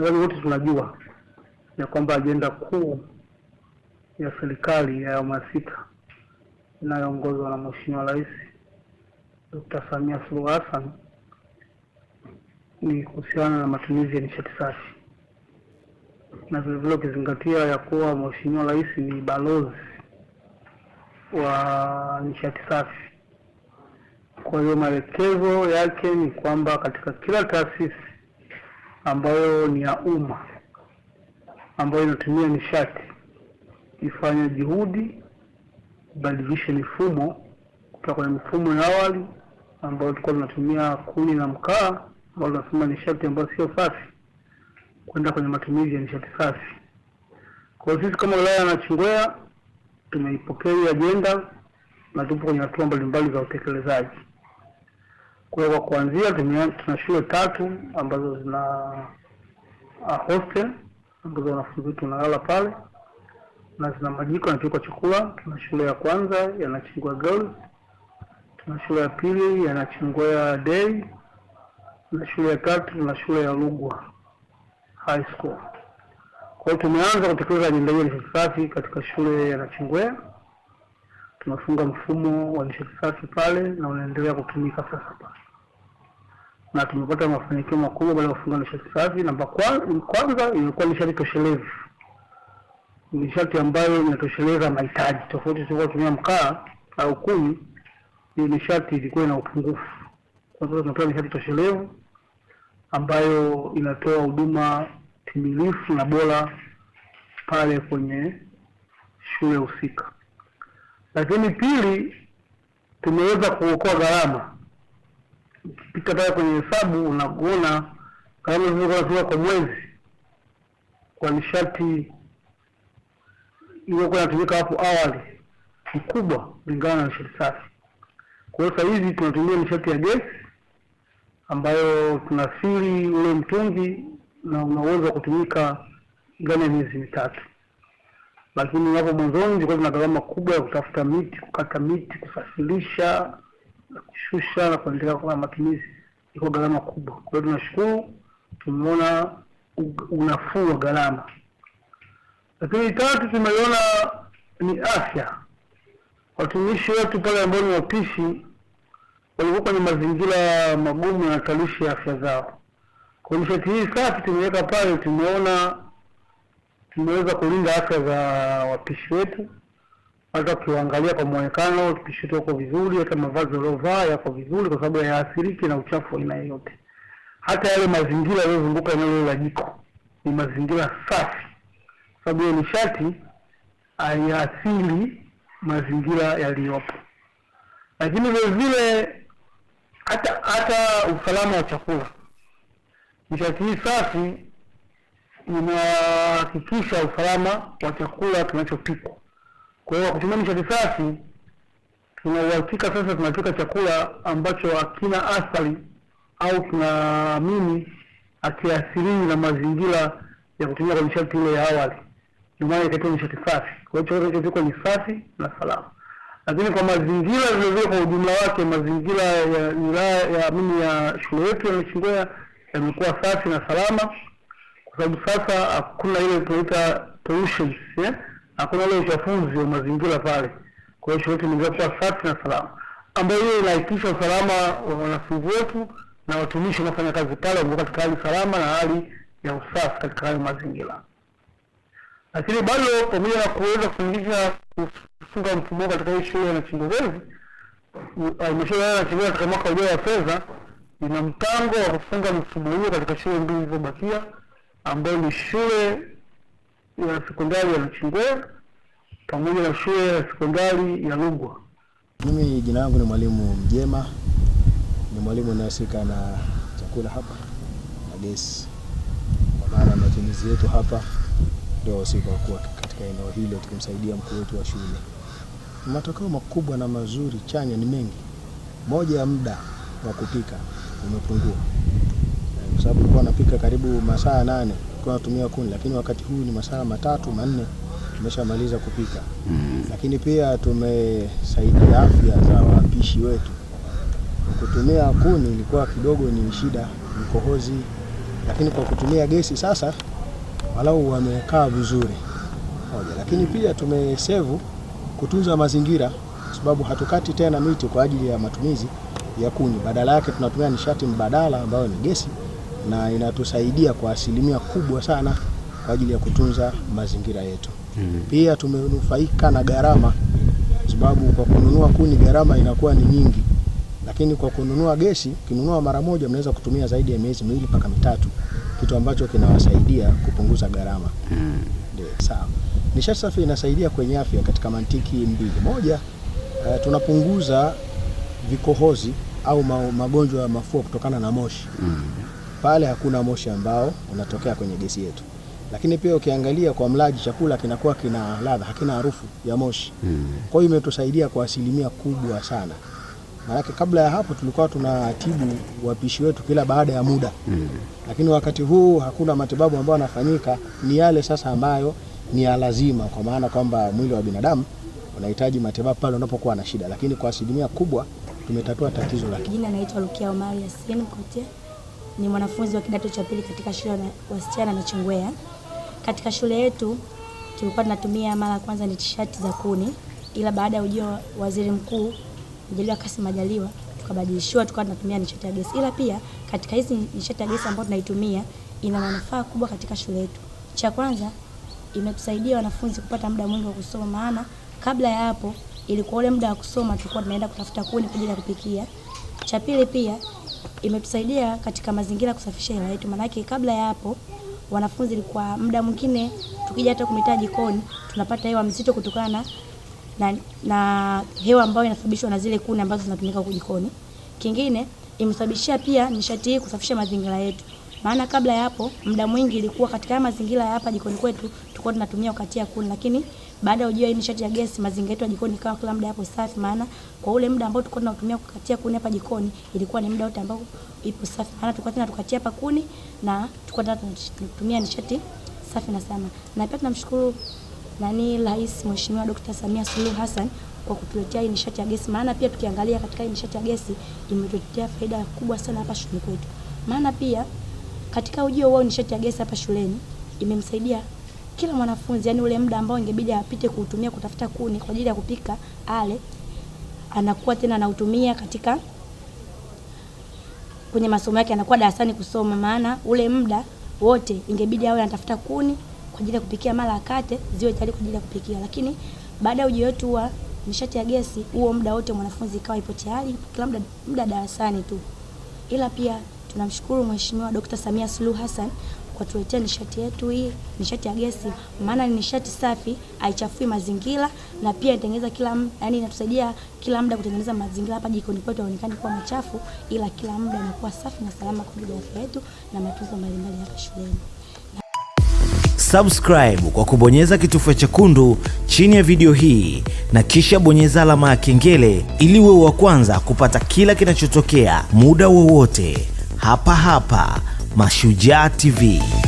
Nadhani wote tunajua ya kwamba ajenda kuu ya serikali ya awamu ya sita inayoongozwa na Mheshimiwa Rais Dkt. Samia Suluhu Hassan ni kuhusiana na matumizi ya nishati safi, na vilevile ukizingatia ya kuwa Mheshimiwa Rais ni balozi wa nishati safi. Kwa hiyo maelekezo yake ni kwamba katika kila taasisi ambayo ni ya umma ambayo inatumia nishati ifanye juhudi kubadilisha mifumo kutoka kwenye mifumo ya awali ambayo tulikuwa tunatumia kuni na mkaa, ambayo tunasema nishati ambayo sio safi, kwenda kwenye matumizi ya nishati safi. Kwa sisi kama wilaya ya Nachingwea tumeipokea ajenda na tupo kwenye hatua mbalimbali za utekelezaji. Kwa hiyo kwa kuanzia tuna shule tatu ambazo zina a ah, hostel ambazo wanafunzi wetu wanalala pale na zina majiko yanapikwa chakula. Tuna shule ya kwanza ya Nachingwea Girls, tuna shule ya pili ya Nachingwea Day, na shule ya tatu tuna shule ya Lugwa High School. Kwa hiyo tumeanza kutekeleza ajenda hiyo safi katika shule ya Nachingwea tunafunga mfumo wa nishati safi pale na unaendelea kutumika sasa pale, na tumepata mafanikio makubwa baada ya kufunga nishati safi. Namba kwanza ilikuwa nishati toshelevu, nishati ambayo inatosheleza mahitaji tofauti. Tulikuwa tumia mkaa au kuni, hiyo nishati ilikuwa ina upungufu. Kwa sasa tunatoa nishati toshelevu ambayo inatoa huduma timilifu na bora pale kwenye shule husika. Lakini pili, tumeweza kuokoa gharama. Ukipita pale kwenye hesabu unakuona gharama zilizokuwa kwa mwezi kwa nishati iliyokuwa inatumika hapo awali mkubwa kulingana na nishati safi. Kwa hiyo sasa hivi tunatumia nishati ya gesi ambayo tunasiri ule mtungi na unaweza kutumika ndani ya miezi mitatu lakini hapo mwanzoni zilikuwa zina gharama kubwa ya kutafuta miti, kukata miti, kusafirisha na kushusha na kuendelea kwa matumizi, iko gharama kubwa. Kwa hiyo tunashukuru tumeona unafuu wa gharama. Lakini tatu, tumeona ni afya. Watumishi wetu pale ambao ni wapishi walikuwa kwenye mazingira magumu, yanahatarisha afya zao. Kwa nishati hii safi tumeweka pale, tumeona tumeweza kulinda afya za wapishi wetu. Hata ukiangalia kwa muonekano, wapishi wetu wako vizuri, hata mavazi waliovaa yako vizuri, kwa sababu hayaathiriki na uchafu aina yoyote. Hata yale mazingira yaliyozunguka eneo la jiko ni mazingira safi, kwa sababu hiyo nishati haiathiri mazingira yaliyopo, lakini vile vile hata hata usalama wa chakula. Nishati hii safi inahakikisha usalama wa chakula kinachopikwa. Kwa hiyo kwa kutumia nishati sasa tunapika chakula ambacho hakina athari au tunaamini akiathiriwi na mazingira ya kutumia kwa nishati ile ya awali, ndio maana ikaitwa nishati safi. Kwa hiyo chakula kinachopikwa ni safi na salama, lakini kwa mazingira vilevile, kwa ujumla wake, mazingira ya wilaya ya mimi ya shule yetu ya Machingwea yamekuwa safi na salama kwa sababu sasa hakuna ile tunaita pollution, hakuna ile uchafuzi wa mazingira pale. Kwa hiyo shule yetu kuwa safi na salama, ambayo hiyo inahakikisha usalama wa wanafunzi wetu na watumishi wanaofanya kazi pale wamekuwa katika hali salama na hali ya usafi katika hayo mazingira. Lakini bado pamoja na kuweza kuingiza kufunga mfumo katika hiyo shule na Chingogozi, halmashauri ya Chingogozi katika mwaka ujao wa fedha ina mpango wa kufunga mfumo huo katika shule mbili zilizobakia ambayo ni shule ya sekondari ya Mchingwea pamoja na shule ya sekondari ya lugwa Mimi jina langu ni mwalimu Mjema, ni mwalimu anayehusika na chakula hapa na gesi, kwa maana matumizi yetu hapa ndio wahusika wakuu katika eneo hilo, tukimsaidia mkuu wetu wa shule. Matokeo makubwa na mazuri chanya ni mengi. Moja ya muda wa kupika umepungua kwa sababu nilikuwa napika karibu masaa nane kwa natumia kuni, lakini wakati huu ni masaa matatu manne tumeshamaliza kupika mm. Lakini pia tumesaidia afya za wapishi wetu. Kutumia kuni ilikuwa kidogo ni shida, mkohozi, lakini kwa kutumia gesi sasa walau wamekaa vizuri moja. Lakini mm. pia tumesevu kutunza mazingira, kwa sababu hatukati tena miti kwa ajili ya matumizi ya kuni, badala yake tunatumia nishati mbadala ambayo ni gesi na inatusaidia kwa asilimia kubwa sana kwa ajili ya kutunza mazingira yetu. Mm. Pia tumenufaika na gharama, sababu kwa kununua kuni gharama inakuwa ni nyingi, lakini kwa kununua gesi, kinunua mara moja, mnaweza kutumia zaidi ya miezi miwili mpaka mitatu, kitu ambacho kinawasaidia kupunguza gharama. Mm. Ndio, sawa. Nishati safi inasaidia kwenye afya katika mantiki mbili. Moja, uh, tunapunguza vikohozi au magonjwa ya mafua kutokana na moshi. Mm pale hakuna moshi ambao unatokea kwenye gesi yetu. Lakini pia ukiangalia kwa mlaji, chakula kinakuwa kina ladha, hakina harufu ya moshi mm. Kwa hiyo imetusaidia kwa asilimia kubwa sana, maanake kabla ya hapo tulikuwa tunatibu wapishi wetu kila baada ya muda mm. Lakini wakati huu hakuna matibabu ambayo yanafanyika, ni yale sasa ambayo ni ya lazima, kwa maana kwamba mwili wa binadamu unahitaji matibabu pale unapokuwa na shida, lakini kwa asilimia kubwa tumetatua tatizo lake. Jina naitwa Lukia Omari Yasin ni mwanafunzi wa kidato cha pili katika shule ya wasichana Nachingwea. Katika shule yetu tulikuwa tunatumia mara ya kwanza ni tishati za kuni, ila baada ya ujio wa waziri mkuu Mjaliwa Kassim Majaliwa tukabadilishiwa, tukawa tunatumia nishati ya gesi. Ila pia katika hizi nishati ya gesi ambayo tunaitumia ina manufaa kubwa katika shule yetu. Cha kwanza, imetusaidia wanafunzi kupata muda mwingi wa kusoma, maana kabla ya hapo ilikuwa ule muda wa kusoma tulikuwa tunaenda kutafuta kuni kwa ajili ya kupikia. Cha pili pia imetusaidia katika mazingira kusafisha hewa yetu, maanake kabla ya hapo wanafunzi kwa muda mwingine tukija hata kumitaa jikoni tunapata hewa mzito kutokana na, na hewa ambayo inasababishwa na zile kuni ambazo zinatumika jikoni Kingine imesababishia pia nishati hii kusafisha mazingira yetu, maana kabla ya hapo muda mwingi ilikuwa katika mazingira ya hapa jikoni kwetu tulikuwa tunatumia ya kuni, lakini baada ya ujio hii nishati ya gesi, mazingira yetu ya jikoni kawa kila muda hapo safi, maana kwa ule muda ambao tulikuwa tunatumia kukatia kuni hapa jikoni ilikuwa ni muda wote ambao ipo safi, maana tulikuwa tena tukatia hapa kuni na tulikuwa tunatumia nishati safi na sana. Na pia tunamshukuru nani Rais Mheshimiwa Dr. Samia Suluhu Hassan kwa kutuletea hii nishati ya gesi, maana pia tukiangalia katika hii nishati ya gesi imetuletea faida kubwa sana hapa shuleni kwetu, maana pia katika ujio wao nishati ya gesi hapa shuleni imemsaidia kila mwanafunzi, yani ule muda ambao ingebidi apite kuutumia kutafuta kuni kwa ajili ya kupika ale, anakuwa tena anautumia katika kwenye masomo yake, anakuwa darasani kusoma. Maana ule muda wote ingebidi awe anatafuta kuni kwa ajili ya kupikia, mara akate ziwe tayari kwa ajili ya kupikia. Lakini baada ya ujio wetu wa nishati ya gesi, huo muda wote mwanafunzi ikawa ipo tayari kila muda, muda darasani tu. Ila pia tunamshukuru Mheshimiwa Dr. Samia Suluhu Hassan kutuletea nishati yetu hii, nishati ya gesi, maana ni nishati safi, haichafui mazingira na pia inatengeneza kila, yani inatusaidia kila muda kutengeneza mazingira hapa jikoni kwetu yaonekane kuwa machafu, ila kila muda inakuwa safi na salama kwa ajili ya afya yetu na matunzo mbalimbali hapa shuleni. Subscribe kwa kubonyeza kitufe chekundu chini ya video hii na kisha bonyeza alama ya kengele ili uwe wa kwanza kupata kila kinachotokea muda wowote hapa hapa Mashujaa TV.